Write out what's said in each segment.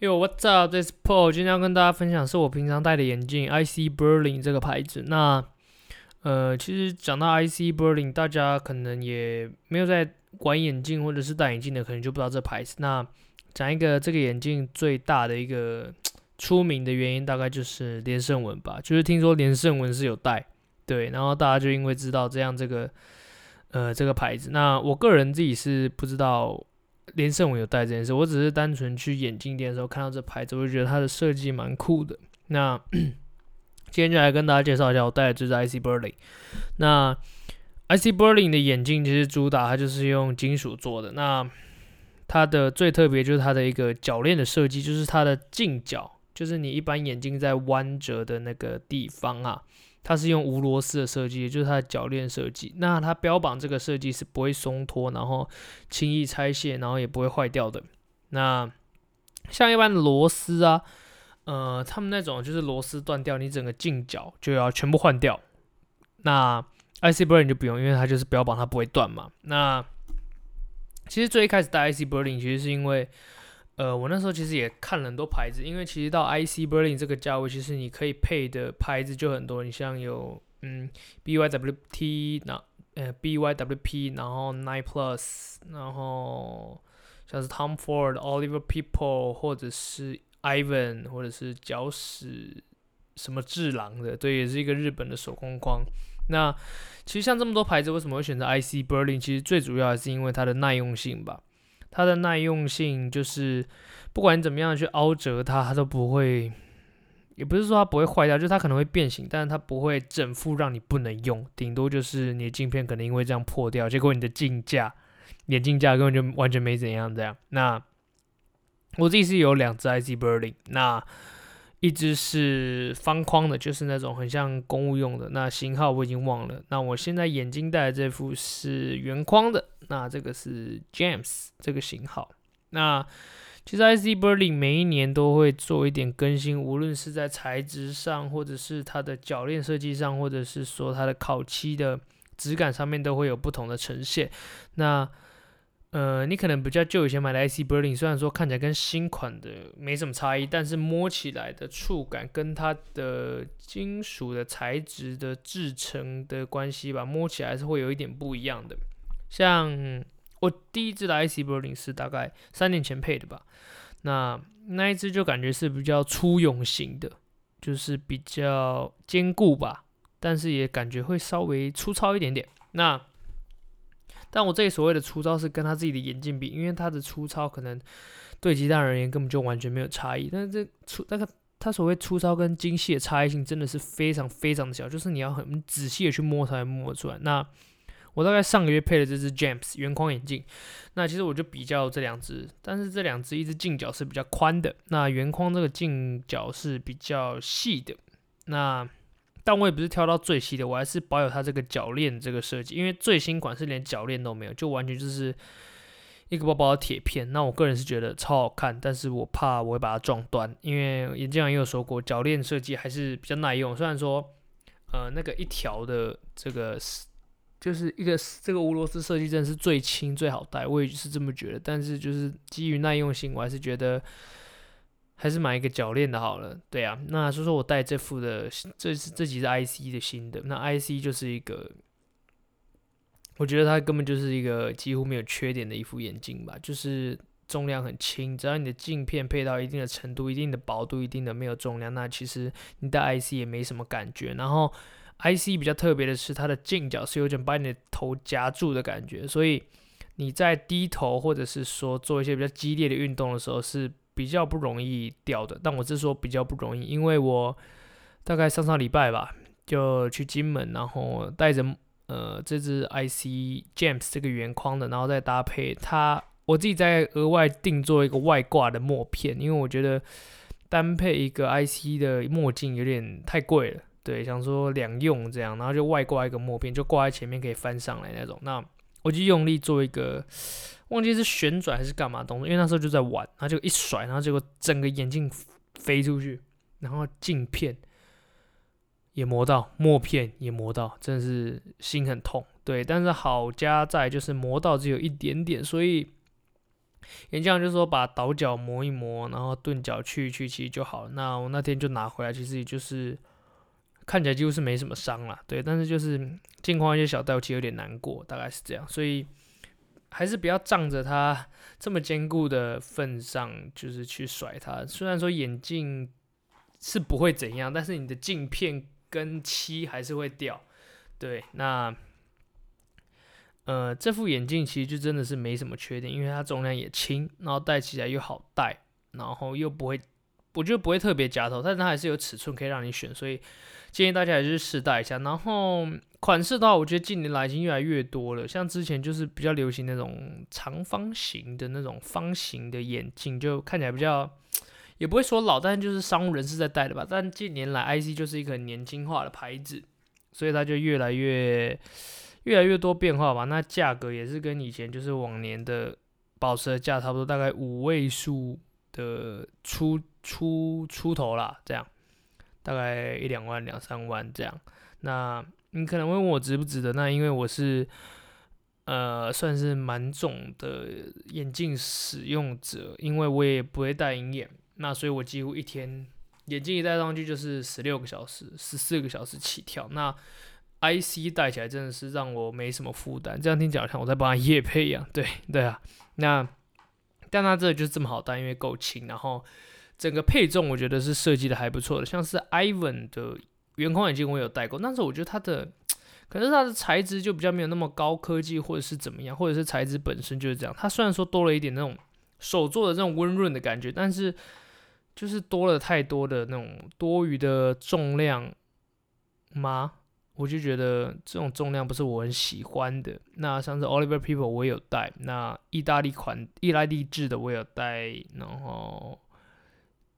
Yo, what's up? This Paul，今天要跟大家分享是我平常戴的眼鏡，IC Berlin 這個牌子。那，呃，其實講到 IC Berlin，大家可能也沒有在玩眼鏡或者是戴眼鏡的，可能就不知道這牌子。那講一個這個眼鏡最大的一個出名的原因，大概就是連勝文吧。就是聽說連勝文是有戴，對，然後大家就因為知道這樣這個，呃，這個牌子。那我個人自己是不知道。連勝我有戴這件事，我只是單純去眼鏡店的時候看到這牌子，我就覺得它的設計蠻酷的。那今天就來跟大家介紹一下，我戴的就是 IC Berlin。那 IC Berlin 的眼鏡其實主打，它就是用金屬做的。那它的最特別就是它的一個鉸鏈的設計，就是它的鏡腳，就是你一般眼鏡在彎折的那個地方啊。它是用無螺絲的設計，也就是它的鉸鏈設計。那它標榜這個設計是不會鬆脫，然後輕易拆卸，然後也不會壞掉的。那像一般螺絲啊，呃，他們那種就是螺絲斷掉，你整個鏡腳就要全部換掉。那 IC Berlin 就不用，因為它就是標榜它不會斷嘛。那其實最一開始戴 IC Berlin 其實是因為。呃，我那時候其實也看了很多牌子，因為其實到 IC Berlin 這個價位，其實你可以配的牌子就很多。你像有嗯 B Y W T，那呃 B Y W P，然後 Nine Plus，然後像是 Tom Ford、Oliver People，或者是 Ivan，或者是絞屎什麼治郎的，對，也是一個日本的手工框。那其實像這麼多牌子，為什麼會選擇 IC Berlin？其實最主要還是因為它的耐用性吧。它的耐用性就是，不管怎麼樣去凹折它，它都不會，也不是說它不會壞掉，就是它可能會變形，但是它不會整副讓你不能用，頂多就是你的鏡片可能因為這樣破掉，結果你的鏡架，眼鏡架根本就完全沒怎樣這樣。那我自己是有兩隻 IC Berlin 那。一隻是方框的，就是那種很像公務用的，那型號我已經忘了。那我現在眼鏡戴的這副是圓框的，那這個是 James 這個型號。那其實 ic Berlin 每一年都會做一點更新，無論是在材質上，或者是它的鉸鏈設計上，或者是說它的烤漆的質感上面，都會有不同的呈現。那呃，你可能比較舊以前買的 IC Berlin，雖然說看起來跟新款的沒什麼差異，但是摸起來的觸感跟它的金屬的材質的制成的關係吧，摸起來還是會有一點不一樣的。像我第一支的 IC Berlin 是大概三年前配的吧，那那一支就感覺是比較粗勇型的，就是比較堅固吧，但是也感覺會稍微粗糙一點點。那但我這裡所謂的粗糙是跟他自己的眼鏡比，因為他的粗糙可能對其他人而言根本就完全沒有差異。但是這粗，但是他所謂粗糙跟精細的差異性真的是非常非常的小，就是你要很仔細的去摸才能摸得出來。那我大概上個月配了這隻 James 圓框眼鏡，那其實我就比較這兩隻，但是這兩隻一隻鏡腳是比較寬的，那圓框這個鏡腳是比較細的，那。但我也不是挑到最新的，我還是保有它這個鉸鏈這個設計，因為最新款是連鉸鏈都沒有，就完全就是一個薄薄的鐵片。那我個人是覺得超好看，但是我怕我會把它撞斷，因為眼鏡王也有說過，鉸鏈設計還是比較耐用。雖然說，呃，那個一條的這個，就是一個這個無螺絲設計真的是最輕最好戴，我也是這麼覺得。但是就是基於耐用性，我還是覺得。還是買一個鉸鏈的好了。對啊，那所以說我戴這副的，這，這是這幾只 IC 的新的。那 IC 就是一個，我覺得它根本就是一個幾乎沒有缺點的一副眼鏡吧。就是重量很輕，只要你的鏡片配到一定的程度，一定的薄度，一定的沒有重量，那其實你戴 IC 也沒什麼感覺。然後 IC 比較特別的是，它的鏡腳是有點把你的頭夾住的感覺，所以你在低頭或者是說做一些比較激烈的運動的時候是。比較不容易掉的，但我是說比較不容易，因為我大概上上禮拜吧，就去金門，然後帶着呃這只 IC Gems 這個圓框的，然後再搭配它，我自己再額外定做，一個外掛的墨片，因為我覺得單配一個 IC 的墨鏡有點太貴了，對，想說兩用這樣，然後就外掛一個墨片，就掛在前面可以翻上來那種，那我就用力做一個。忘記是旋轉還是幹嘛動作，因為那時候就在玩，他就一甩，然後結果整個眼鏡飛出去，然後鏡片也磨到，墨片也磨到，真的是心很痛。對，但是好家在就是磨到只有一點點，所以眼鏡就是說把倒角磨一磨，然後鈍角去一去，其實就好了。那我那天就拿回來，其實也就是看起來幾乎是沒什麼傷了。對，但是就是鏡框一些小掉漆有點難過，大概是這樣，所以。還是不要仗着它這麼堅固的份上，就是去甩它。雖然說眼鏡是不會怎樣，但是你的鏡片跟漆還是會掉。對，那呃，這副眼鏡其實就真的是沒什麼缺點，因為它重量也輕，然後戴起來又好戴，然後又不會，我覺得不會特別夾頭，但是它還是有尺寸可以讓你選，所以建議大家還是試戴一下。然後。款式的話，我覺得近年來已經越來越多了。像之前就是比較流行那種長方形的那種方形的眼鏡，就看起來比較，也不會說老，但就是商務人士在戴的吧。但近年來，IC 就是一個很年輕化的牌子，所以它就越來越越來越多變化吧。那價格也是跟以前就是往年的保持的價差不多，大概五位數的出出出頭啦，這樣大概一兩萬、兩三萬這樣。那你可能問我值不值得？那因為我是，呃，算是蠻重的眼鏡使用者，因為我也不會戴銀眼，那所以我幾乎一天眼鏡一戴上去就是十六個小時，十四個小時起跳。那 IC 戴起來真的是讓我沒什麼負擔，這樣聽講好像我在幫他夜配一樣。對，對啊。那但他這個就是這麼好戴，因為夠輕，然後整個配重我覺得是設計的還不錯的，像是 Ivan 的。圓框眼鏡我有戴過，但是我覺得它的，可能它的材質就比較沒有那麼高科技，或者是怎麼樣，或者是材質本身就是這樣。它雖然說多了一點那種手做的這種溫潤的感覺，但是就是多了太多的那種多餘的重量嗎？我就覺得這種重量不是我很喜歡的。那像是 Oliver People 我也有戴，那意大利款、意大利製的我也有戴，然後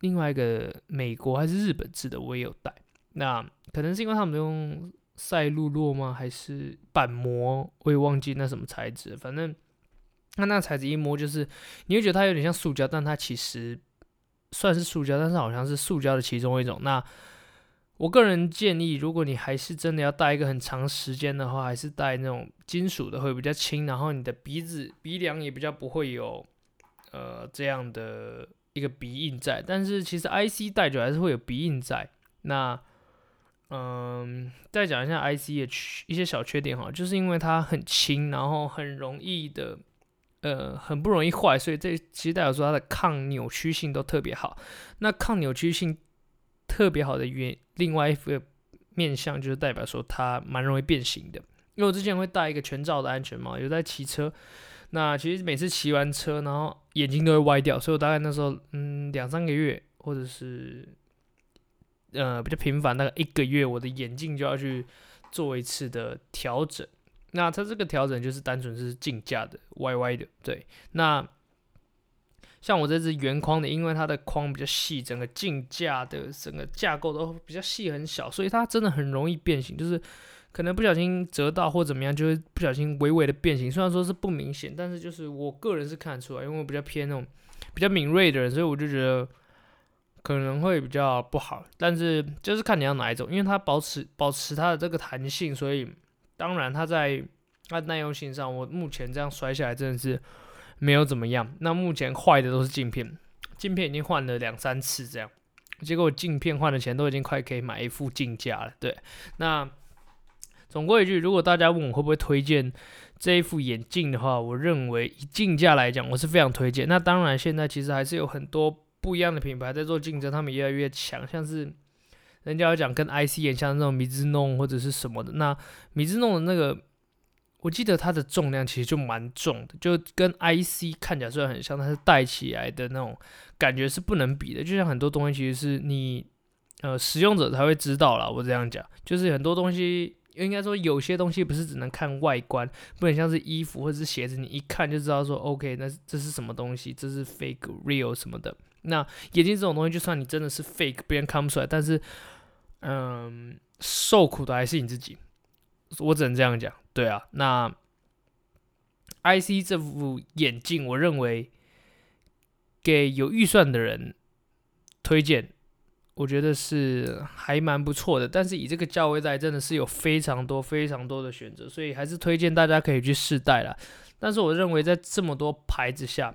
另外一個美國還是日本製的我也有戴。那可能是因為他們用賽璐珞嗎？還是板膜，我也忘記那什麼材質。反正那那材質一摸就是，你會覺得它有點像塑膠，但它其實算是塑膠，但是好像是塑膠的其中一種。那我個人建議，如果你還是真的要戴一個很長時間的話，還是戴那種金屬的會比較輕，然後你的鼻子鼻梁也比較不會有呃這樣的一個鼻印在。但是其實 IC 戴久還是會有鼻印在。那。嗯、呃，再講一下 IC 的一些小缺點哈，就是因為它很輕，然後很容易的，呃，很不容易壞，所以這其實代表說它的抗扭曲性都特別好。那抗扭曲性特別好的原另外一個面向就是代表說它蠻容易變形的。因為我之前會戴一個全罩的安全帽，有在騎車，那其實每次騎完車，然後眼鏡都會歪掉，所以我大概那時候嗯兩三個月或者是。呃，比較頻繁，那個一個月，我的眼鏡就要去做一次的調整。那它這個調整就是單純是鏡架的歪歪的。對，那像我這隻圓框的，因為它的框比較細，整個鏡架的整個架構都比較細很小，所以它真的很容易變形，就是可能不小心折到或怎麼樣，就會不小心微微的變形。雖然說是不明顯，但是就是我個人是看出來，因為我比較偏那種比較敏銳的人，所以我就覺得。可能會比較不好，但是就是看你要哪一種，因為它保持保持它的這個彈性，所以當然它在它耐用性上，我目前這樣摔下來真的是沒有怎麼樣。那目前壞的都是鏡片，鏡片已經換了兩三次這樣，結果鏡片換的錢都已經快可以買一副鏡架了。對，那總歸一句，如果大家問我會不會推薦這一副眼鏡的話，我認為以鏡架來講，我是非常推薦。那當然現在其實還是有很多。不一樣的品牌在做競爭，他們越來越強。像是人家要講跟 IC 也像那種 Mizuno 或者是什麼的，那 Mizuno 的那個，我記得它的重量，其實就蠻重的，就跟 IC 看起來雖然很像，但是戴起來的那種感覺是不能比的。就像很多東西，其實是你呃使用者才會知道啦。我這樣講，就是很多東西應該說有些東西不是只能看外觀，不能像是衣服或者是鞋子，你一看就知道說 OK，那這是什麼東西，這是 fake real 什麼的。那眼鏡這種東西，就算你真的是 fake，別人看不出來，但是，嗯，受苦的還是你自己。我只能這樣講，對啊。那 IC 這副眼鏡，我認為給有預算的人推薦，我覺得是還蠻不錯的。但是以這個價位帶，真的是有非常多、非常多的選擇，所以還是推薦大家可以去試戴啦。但是我認為，在這麼多牌子下，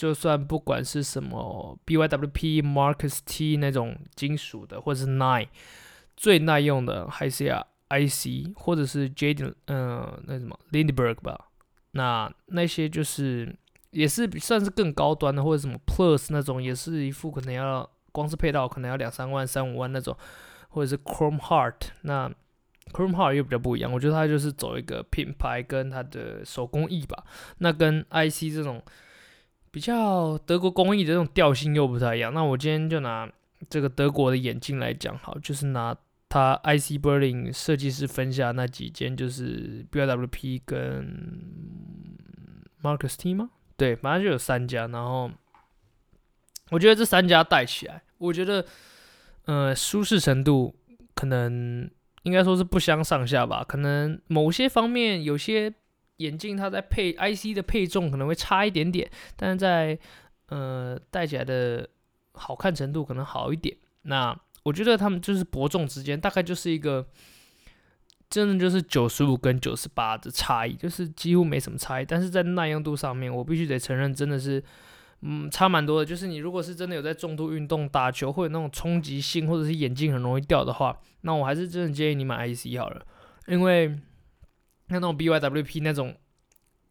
就算不管是什麼 BYWP Markus T 那種金屬的，或者是 Nine 最耐用的，還是要 IC，或者是 Jaden 嗯、呃，那什麼 Lindberg 吧。那那些就是也是算是更高端的，或者什麼 Plus 那種，也是一副可能要光是配套可能要兩三萬、三五萬那種，或者是 Chrome Heart 那。那 Chrome Heart 又比較不一樣，我覺得它就是走一個品牌跟它的手工藝吧。那跟 IC 這種。比較德國工藝的這種調性又不太一樣，那我今天就拿這個德國的眼鏡來講，好，就是拿他 IC Berlin 設計師分下的那幾間，就是 B W P 跟 Markus T 嗎？對，反正就有三家，然後我覺得這三家戴起來，我覺得，呃，舒適程度可能應該說是不相上下吧，可能某些方面有些。眼鏡它在配 IC 的配重可能會差一點點，但是在呃戴起來的好看程度可能好一點。那我覺得他們就是伯仲之間，大概就是一個真的就是九十五跟九十八的差異，就是幾乎沒什麼差異。但是在耐用度上面，我必須得承認真的是嗯差蠻多的。就是你如果是真的有在重度運動、打球或者那種衝擊性，或者是眼鏡很容易掉的話，那我還是真的建議你買 IC 好了，因為。像那種 B Y W P 那種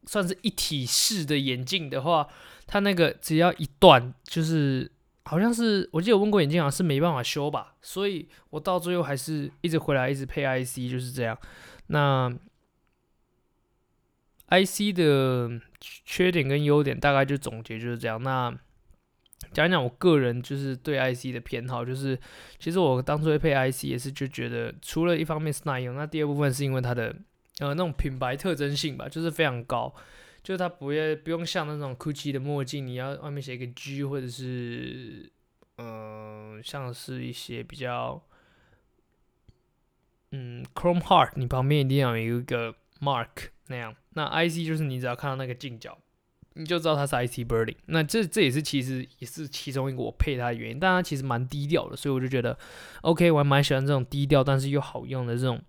算是一體式的眼鏡的話，它那個只要一斷，就是好像是我記得我問過眼鏡，好像是沒辦法修吧，所以我到最後還是一直回來一直配 I C 就是這樣。那 I C 的缺點跟優點大概就總結就是這樣。那講講我個人就是對 I C 的偏好，就是其實我當初會配 I C 也是就覺得，除了一方面是耐用，那第二部分是因為它的。呃，那種品牌特徵性吧，就是非常高，就是它不會不用像那種 Gucci 的墨鏡，你要外面寫一個 G，或者是嗯、呃，像是一些比較嗯 Chrome Heart，你旁邊一定要有一個 mark 那樣。那 I C 就是你只要看到那個鏡角，你就知道它是 IC Berlin，那這這也是其實也是其中一個我配它的原因，但它其實蠻低調的，所以我就覺得 OK，我還蠻喜歡這種低調但是又好用的這種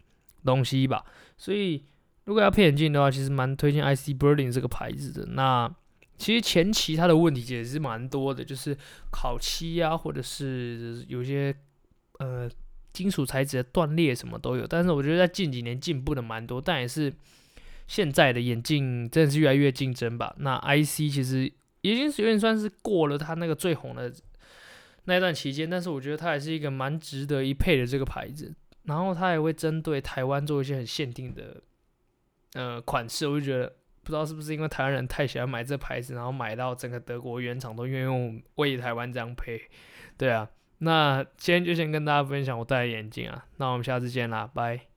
東西吧，所以如果要配眼鏡的話，其實蠻推薦 IC Berlin 這個牌子的。那其實前期它的問題也是蠻多的，就是烤漆啊，或者是有些呃金屬材質的斷裂什麼都有。但是我覺得在近幾年進步的蠻多，但也是現在的眼鏡真的是越來越競爭吧。那 IC 其實已經是有點算是過了它那個最紅的那段期間，但是我覺得它還是一個蠻值得一配的這個牌子。然後他也會針對台灣做一些很限定的，呃，款式。我就覺得不知道是不是因為台灣人太喜歡買這牌子，然後買到整個德國原廠都願意用為台灣這樣配。對啊，那今天就先跟大家分享我戴的眼鏡啊，那我們下次見啦，拜。